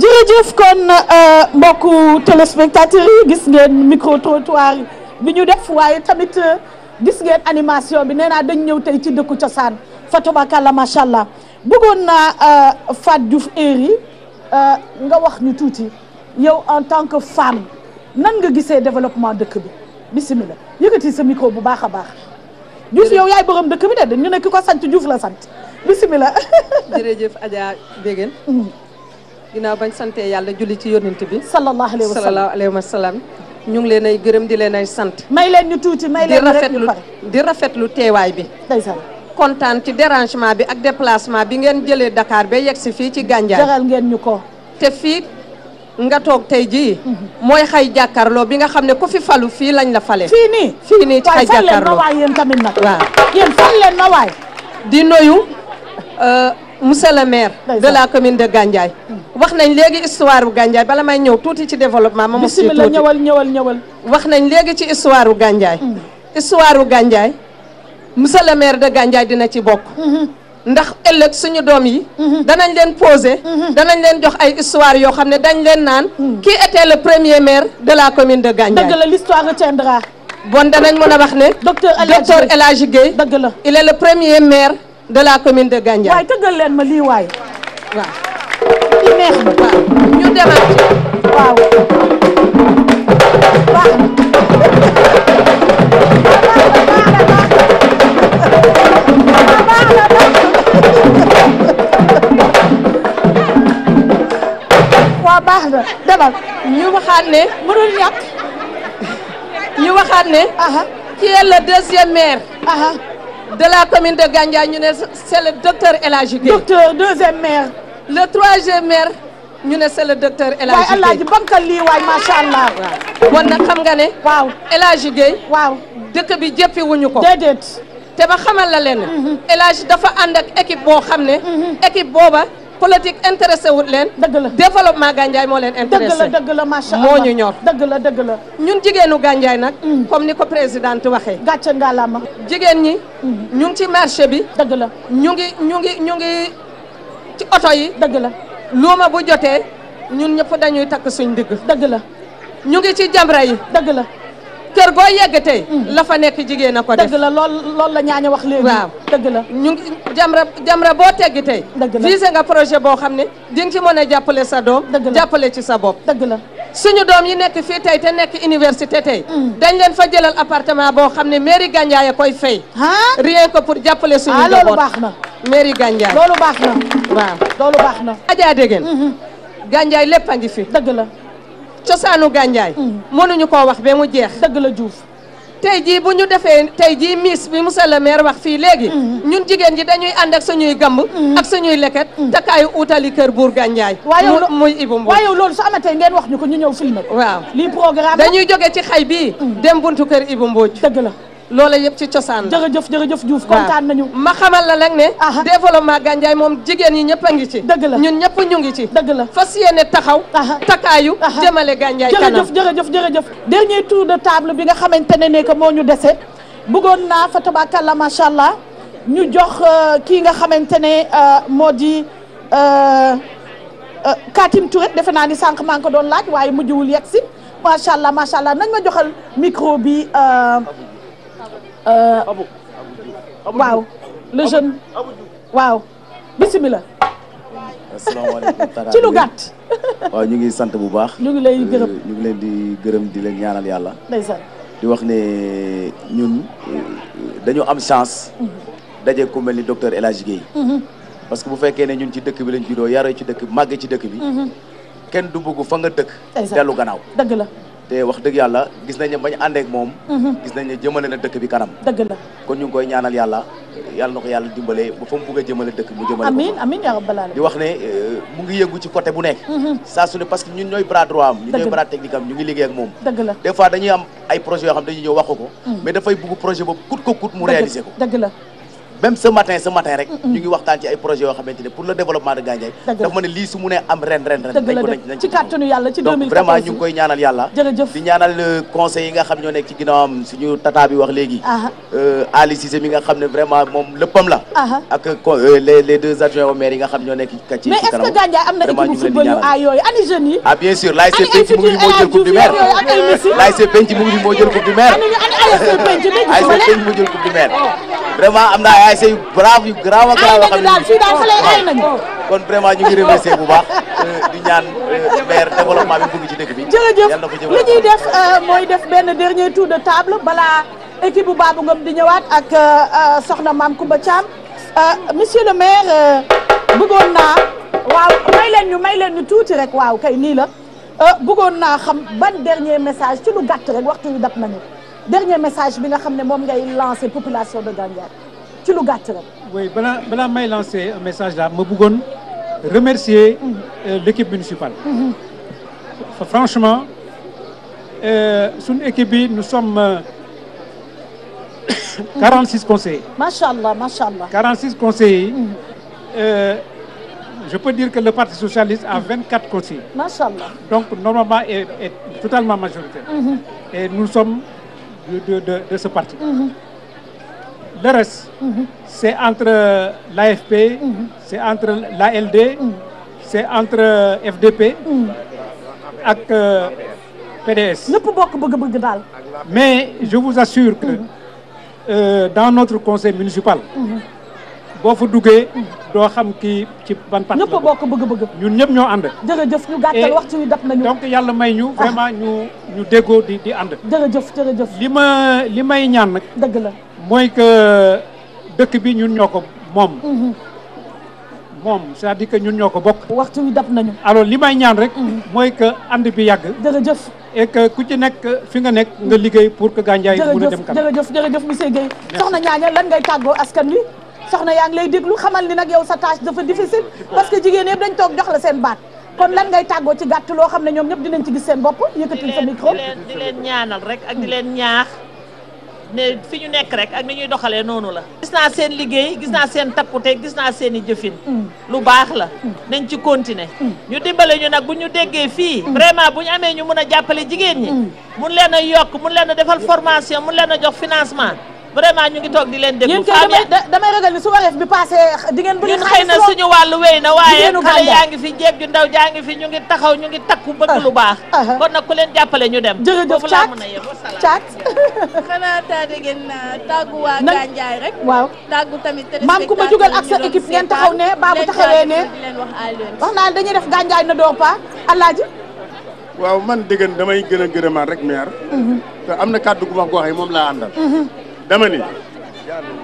jërëjëf kon euh, mbokku téléspectateurs yi gis ngeen micro bi ñu def waaye tamit. gis ngeen animation bi nee naa dañ ñëw tey ci dëkku cosaan fatubakalla macha allah bëggoon naa euh, Fat Diouf Eri euh, nga wax ñu tuuti yow en tant que femme nan nga gisee développement dëkk bi bisimila yëkkati sa micro bu baax a baax Diouf yow yaay borom dëkk bi de dañu ne ki ko sant Diouf la sant bisimila jërëjëf Adja Béguen mm. ginnaaw bañ sante yàlla julli ci yonent bi sallallahu alayhi wa sallam ñu ngi leen ay gërëm di leen ay sant. may leen ñu tuuti may leen rek ñu pare di rafetlu teewaay bi. ndeysaan kontaan ci dérangement bi ak déplacement bi ngeen jëlee dakaar ba yegg si fii ci Gandiaye. jaral ngeen ñu ko. te fii nga toog tey ji mooy xay jàkkaarloo bi nga xam ne ko fi falu fii lañ la fale. fii nii fii nii ci xay jàkkaarloo waaw fal leen ma waay tamit nag. waaw yéen ma waay. di noyu euh, monsieur le maire de la commune de Gandiaye wax nañ léegi histoire bu Gandiaye bala may ñëw tuuti ci développement ma mos ci tuuti ñëwal ñëwal ñëwal wax nañ léegi ci histoire bu Gandiaye mm. histoire bu Gandiaye monsieur le maire de Gandiaye dina ci bokk mm-hmm. ndax ëllëg suñu doom yi mm-hmm. danañ leen posé mm-hmm. danañ leen jox ay histoire yoo xam ne dañ leen naan mm. qui était le premier maire de la commune de Gandiaye dëgg la l'histoire retiendra bon danañ mën a wax ne docteur El Hadji la il est le premier maire de la commune de Gandiaye. waaye tëggal leen ma lii waay. waaw. li neex na waaw ñu demaat ci. waaw. waaw baax na demal. ñu waxaat ne mënul yàq. ñu waxaat ne. qui est le deuxième maire. de la commune de Gandia ñu ne c'est le docteur El Hadji Guèye docteur deuxième maire le troisième maire ñu ne c'est le docteur El Hadji Guèye waay Alaaji bankal lii waay macha allah kon xam nga ne waaw El Hadji waaw dëkk bi jëppi wuñu ko déedéet te ba xamal la leen mhm. El dafa ànd ak équipe boo xam ne mhm. équipe booba politique intéressé wut leen. dëgg la développement Gandiaye moo leen. intéressé dëgg la dëgg la macha moo ñu ñor. dëgg la dëgg la. ñun jigéenu Gandiaye nag. Mm. comme ni ko présidente waxee. gàcce ngalaama. jigéen ñi. Mm. ñu ci marché bi. dëgg la ñu ngi ñu ngi ñu ci oto yi. dëgg la luuma bu jotee ñun ñëpp dañuy takk suñ digg dëgg la ñu ci jamra yi. dëgg la. kër goo yegg tey lafa nekk jigéen a ko def la lool loolu la ñaaña wax léegi waaw dëgg la ñu ngi jamra jamra boo teggi tey visé nga projet boo xam ne di nga ci mën a jàppale sa doom jàppale ci sa bopp dëgg la suñu doom yi nekk fii tey te nekk université tey mm. dañ leen fa jëlal appartement boo xam ne mairie Gandiaye koy fay rien ko pour jàppale suñu ah, njaboot loolu baax na mairie Gandiaye loolu baax na na ajaa dégg ngeen lépp a ngi fi dëgg la cosaanu gànjaay mm. mënuñu ko wax bee mu jeex dëgg la juuf tey jii bu ñu defee tey jii miss bi monsieur le maire wax fii léegi mm. ñun jigéen ji dañuy ànd ak suñuy gàmb mm. ak suñuy leket takaayu uutali kër buur gànjaay waaye muy Ibou Mbow waaye yow loolu su amatee ngeen wax ñu ko ñu ñëw filmé waaw lii programme dañuy joge ci xay bi dem buntu kër Ibou Mbodj dëgg la loolu yëpp ci cosaan la jërëjëf jërëjëf Diouf kontaan nañu ma xamal la nag ne développement Gandiaye moom jigéen ñi ñëpp a ngi ci dëgg la ñun ñëpp ñu ngi ci dëgg la fas yéene taxaw takaayu jëmale Gandiaye kanam jërëjëf jërëjëf jërëjëf dernier tour de table bi nga xamante ne ne moo ñu dese bëggoon naa fa tabakalla macha allah ñu jox euh, kii nga xamante ne euh, moo di euh, Katim Touré defe naa ni sànq maa ngi ko doon laaj waaye mujjwul yegg si macha allah macha allah nañ ma joxal micro bi Euh, waaw le jeune waaw bisimilah. asalaamaaleykum Tara ci lu gàtt. waaw ñu ngi sant bu baax. ñu ngi lay euh, gërëm ñu ngi leen di gërëm di leen ñaanal yàlla. ndeysaan di wax ne ñun euh, dañu am chance. Mhm. daje ku mel ni docteur El Hadj Guèye. Mhm. parce que bu fekkee ne ñun ci dëkk bi lañ juddoo yaroo ci dëkk bi màgg ci dëkk bi. Mhm. kenn du bëgg fa nga dëkk. dellu gannaaw dëgg la. te wax dëgg yàlla gis nañ ne bañ àndeek moom mhm. gis nañ ne jëmale na dëkk bi kanam dëgg la kon ñu ngi koy ñaanal yàlla yàlla na ko yàlla dimbale ba fa mu bëgg a jëmale dëkk mu jëmale amiin wax ne euh, mu ngi yëngu ci côté bu nekk mhm. saa su ne parce que ñun ñooy bras droit am ñun ñooy bras technique am ñu ngi liggéey ak moom dëgg dañuy am ay projet yoo xam dañuy wax ko mhm. mais dafay bëgg projet boobu kut ko kut mu réaliser ko dëgg la même ce matin ce matin rek ñu ngi waxtaan ci ay projets yoo xamante ne pour le développement de Gandiaye dafa ma ne lii su ne am ren ren ci kàttanu yàlla ci 2014 donc vraiment ñu ngi euh, ñoo nekk ci wax léegi ah. euh, Ali mi nga xam ne vraiment moom léppam la ah. ak euh, les les deux adjoints au maire yi nga xam ñoo nekk ci mais est-ce que am na équipe football yu a yooyu ani jeunes yi ah bien sûr l'ASC Penc mu ngi moo jël coupe du maire l'ASC Penc mu ngi moo jël coupe du maire ASC yu brave yu grave ak grave xam ne fii daal xale yi ay nañu kon vraiment ñu ngi remercier bu baax euh, di ñaan euh, maire développement bi ci dëkk bi jërëjëf li ñuy def euh, mooy def benn dernier tour de table balaa équipe bu Babou Ngom di ñëwaat ak soxna Mame Coumba Thiam monsieur le maire bëggoon naa waaw may leen ñu may leen ñu tuuti rek waaw kay nii la bëggoon naa xam ban dernier message ci lu gàtt rek waxtu yu dab nañu dernier message bi nga xam ne moom ngay lancé population de Gandiaye ci lu gàtt rek. oui bëggoon remercier euh, l'équipe municipale. Mm-hmm. franchement euh, bi nous sommes. Euh, macha allah macha allah. 46 conseillers. Mm-hmm. Euh, je peux que le parti socialiste a 24 mm-hmm. conseillers. macha allah donc normalement est, parti. le reste, c'est entre l'AFP, c'est entre l'ALD, c'est entre FDP ak euh, PDS. ñëpp bokk bëgg-bëgg daal. mais je vous assure que euh, dans notre conseil municipal. Mhm. boo fa duggee doo xam ki ci ban parti ñëpp bokk bëgg-bëgg ñun ñëpp ñoo ànd jërëjëf ñu gàttal waxtu wi dab nañu donc yàlla may ñu vraiment ñu ñu déggoo di di ànd jërëjëf jërëjëf li ma li may ñaan nag dëgg la mooy que dëkk bi ñun ñoo ko moom mhm. moom c'est-à-dire ñun ñoo ko bokk waxtu wi dab nañu alors li may ñaan rek mhm. mooy que ànd bi yàgg jërëjëf et que ku ci nekk fi nga nekk nga liggéey pour que Gandiaye mën a dem kanam jërëjëf jërëjëf monsieur Guèye ngay tàggoo askan wi soxna yaa ngi lay déglu xamal ni nag yow sa tâche dafa difficile parce que jigéen yëpp dañ toog jox la seen baat kon lan ngay tàggoo ci gàtt loo xam ne ñoom ñëpp dinañ ci gis seen bopp yëkkatil sa micro di leen ñaanal rek ak di leen ñaax ne fi ñu nekk rek ak ni ñuy doxalee noonu la gis naa seen liggéey gis naa seen takkute gis naa seen i jëfin mm. lu baax la mm. nañ ci continuer mm. ñu dimbale ñu nag bu ñu déggee fii vraiment bu ñu amee ñu mun a jàppale jigéen ñi mun leen a yokk mun leen a defal formation mun leen a jox financement vraiment ñu ngi toog di leen déglu femme ya damay ragal ni su wareef bi passé di ngeen bëri ñun xëy na suñu wàllu wéy na waaye xale yaa ngi fi jéeg ju ndaw jaa ngi fi ñu ngi taxaw ñu ngi takku bëgg lu ah, baax ah, ah. kon nag ku leen jàppale ñu dem jërëjëf caat caat xanaa taa dégg naa tàggu waa Gandiaye rek waaw tàggu tamit maam ku ma jugal ak sa équipe ngeen taxaw ne baabu taxawee ne wax naa dañuy def Gandiaye na door pa alaaji waaw man déggan damay gën a gërëmaat rek maire mhm. te am na kàddu gu wax goo xam moom laa àndal mhm. dama ni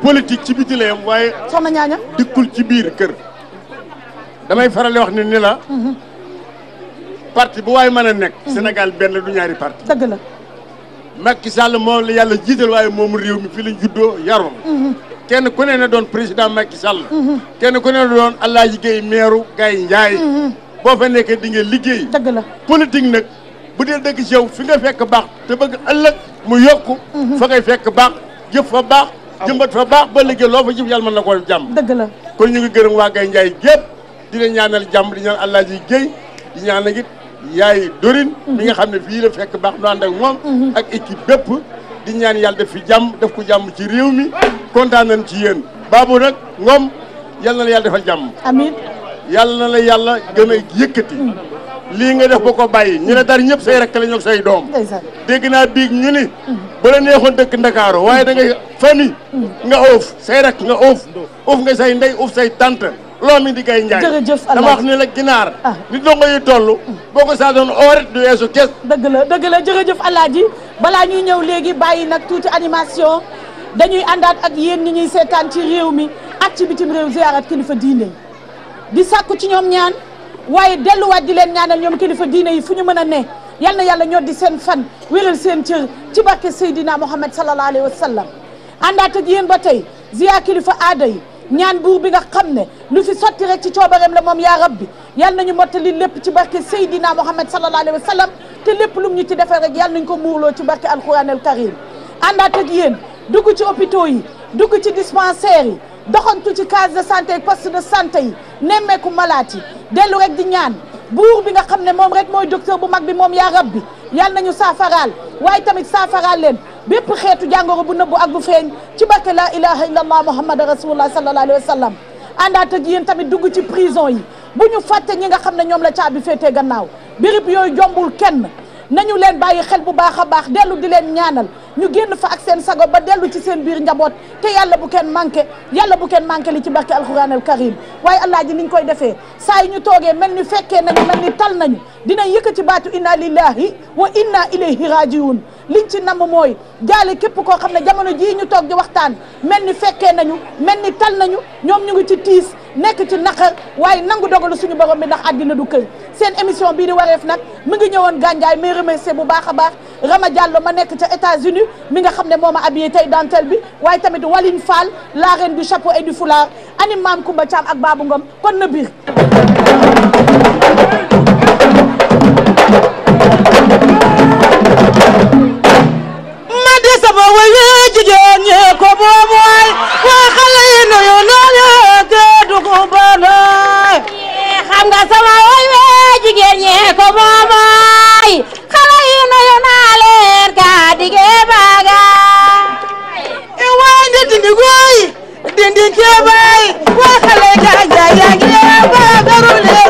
politique ci biti la yam waaye. soxna ñaaña dikkul ci biir kër. damay faral di wax ni ni la. Mhm. parti bu waaye mën a nekk. Mhm. Sénégal benn du ñaari parti dëgg la. Macky sàll moom la yàlla jiital waaye moom réew mi fii lañ juddoo yaroon. Mhm. kenn ku ne na doon président Macky sàll kenn ku ne na doon Alaaji Gaye meeru Gaye Njaay. boo fa nekkee di nga liggéey. dëgg la politique nag bu dee dëgg ci yow fi nga fekk baax te bëgg ëllëg mu yokk fa ngay fekk baax. jëf fa baax jëmbat fa baax ba liggéey loo fa jëf yàlla mën na koo def jàmm dëgg la kon ñu ngi gërëm waa Gaye Ndiaye gépp di leen ñaanal jàmm di ñaan allah ji géy di ñaanal it yaay dorin mhm. mi nga xam ne fii la fekk baax nu ànd ak moom mhm. ak équipe bépp di ñaan yàlla def fi jàmm def ko jàmm ci réew mi kontaan nañ ci yéen baabu nag ngoom yàlla na la yàlla defal jàmm amiin yàlla na la yàlla gën a yëkkati mhm. lii nga def ba ko bàyyi ñu ne dara ñëpp say rek la ñoo say doom dégg naa biig ñu ni ba neexoon dëkk Ndakaaru waaye da ngay famille nga oof say rakk nga oof oof nga say ndey oof say tante loo mi di gay njaay jërëjëf dama wax ni la ginaar ah. ni dongo yi toll boo ko saa doon ooret du weesu kes dëgg la dëgg la jëf alaaji balaa ñuy ñëw léegi bàyyi nag tuuti animation dañuy àndaat ak yéen ñi ñuy seetaan ci réew mi ak ci bitim réew ziyaarat kilifa diine di sàkku ci ñoom ñaan waaye delluwaat di leen ñaanal ñoom kilifa diine yi fu ñu mën a ne yal na yàlla ñoo di seen fan wéral seen cër ci barke Seydina Muhammad sallallahu alayhi wa sallam àndaat ak yéen ba tey ziyaar kilifa aada yi ñaan buur bi nga xam ne lu fi sotti rek ci coobareem la moom yaa rabbi yal nañu mottali lépp ci barke Seydina Muhammad sallallahu alayhi wa sallam te lépp lum ñu ci defee rek yal nañu ko muurloo ci barke alquran al karim àndaat ak yéen dugg ci hôpitaux yi dugg ci dispensaires yi doxantu ci case de santé poste de santé yi nemmeeku malaat yi dellu rek di ñaan buur bi nga xam ne moom rek mooy docteur bu mag bi moom yaa rab bi yàlla nañu saafaraal waaye tamit saafaraal leen bépp xeetu jàngoro bu nëbbu ak bu feeñ ci barke laa ilaha illallah muhammad rasulullah sallallahu alayhi wa sallam àndaat ak yéen tamit dugg ci prison yi bu ñu fàtte ñi nga xam ne ñoom la caabi féetee gannaaw birib yooyu jombul kenn nañu leen bàyyi xel bu baax a baax dellu di leen ñaanal ñu génn fa ak seen sago ba dellu ci seen biir njaboot te yàlla bu kenn manqué yàlla bu kenn manqué li ci barke alxuraan al karim waaye allah ji niñ koy defee saa yi ñu toogee mel ni fekkee nañu mel ni tal nañu dinañ yëkkati baatu inna lillahi wa inna ilayhi rajiun liñ ci namm mooy jaale képp koo xam ne jamono ji ñu toog di waxtaan mel ni fekkee nañu mel ni tal nañu ñoom ñu ngi ci tiis nekk ci naqar waaye nangu dogalu suñu borom bi ndax àddina du kër seen émission bii di wareef nag mi ngi ñëwoon gànjaay may remercier bu baax a baax Rama Diallo ma nekk ca États-Unis mi nga xam ne moo ma habillé tey dentelle bi waaye tamit Waline Fall la reine du chapeau et du foulard anim maam Koumba ak Babou Ngom kon na biir ko boobu waay waa xale yi nuyu naa leen te dugu ba nooy xam nga sama way wee jigéen ñee ko moomoy xale yi nuyu naa leen ka digee bagaay e waa nde dindi gooy dindi kee baay waa xale ka jaay yaa gee baagaru leen